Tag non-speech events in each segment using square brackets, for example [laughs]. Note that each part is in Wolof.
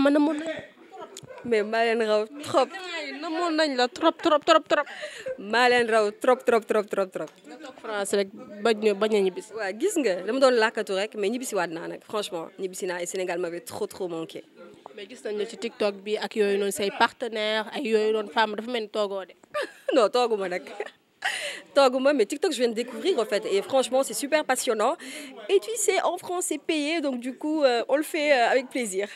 Moustapha ma namoon nañ mais maa leen raw trop namoon nañ la trop trop trop trop maa leen raw trop trop trop trop trop nga toog France rek bañ bañ a ñibbisi waaw gis nga dama doon làkkatu rek mais ñibbisi waat naa nag franchement ñibbisi naa et Sénégal m'avait trop trop manqué mais gis nañ la ci TikTok bi ak yooyu noonu say partenaire ay yooyu noonu femme dafa mel ni toogoo de [laughs] non toogu ma TikTok, moi, mais TikTok, je viens de découvrir, en fait. Et franchement, c'est super passionnant. Et tu sais, en France, c'est payé, donc du coup, euh, on le fait euh, avec plaisir.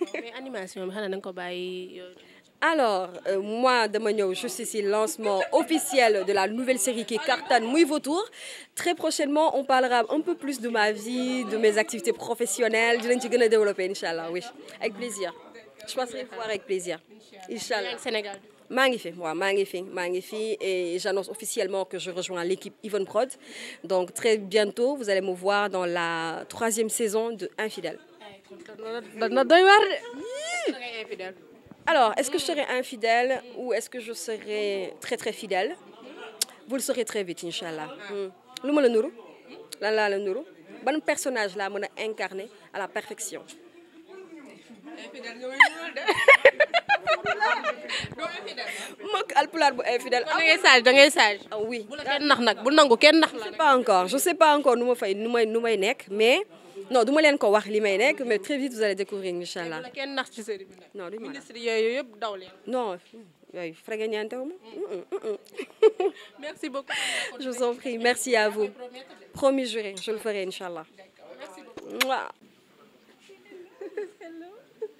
[laughs] mais euh, alors, euh, moi, dama ñëw je suis ici lancement officiel de la nouvelle série qui cartonne muy Vautour très prochainement on parlera un peu plus de ma vie de mes activités professionnelles dinañ ci gën a développer incha allah oui avec plaisir. je passerai vous voir avec plaisir. Inch'Allah. Sénégal. Magnifique, moi, magnifique, magnifique. Et j'annonce officiellement que je rejoins l'équipe Yvonne Prod. Donc très bientôt, vous allez me voir dans la troisième saison de Infidèle. Alors, est-ce que je serai infidèle ou est-ce que je serai très très fidèle Vous le saurez très vite, Inch'Allah. Ah. Hmm. Luma le Nourou, Lala le Nourou, bon personnage là, mon incarné à la perfection. infidèle ñoo ñuul de. [laughs] doo infidèle. Ah. mokk alpulaar bu infidèle. da ngay sage da ngay sage. Ah oui bu la kenn nax nag bu nangu kenn nax la. je pas encore je sais pas encore nu ma fay nu may nu may nekk mais. non du ma leen ko wax li may nekk mais très vite vous allez découvrir incha kenn nax ci série bi nag. non du ma ministre yooyu yëpp daw leen. non. yooyu frege ñaante wu ma. [laughs] merci je vous en prie merci à vous. promis je le ferai incha allah. Hello.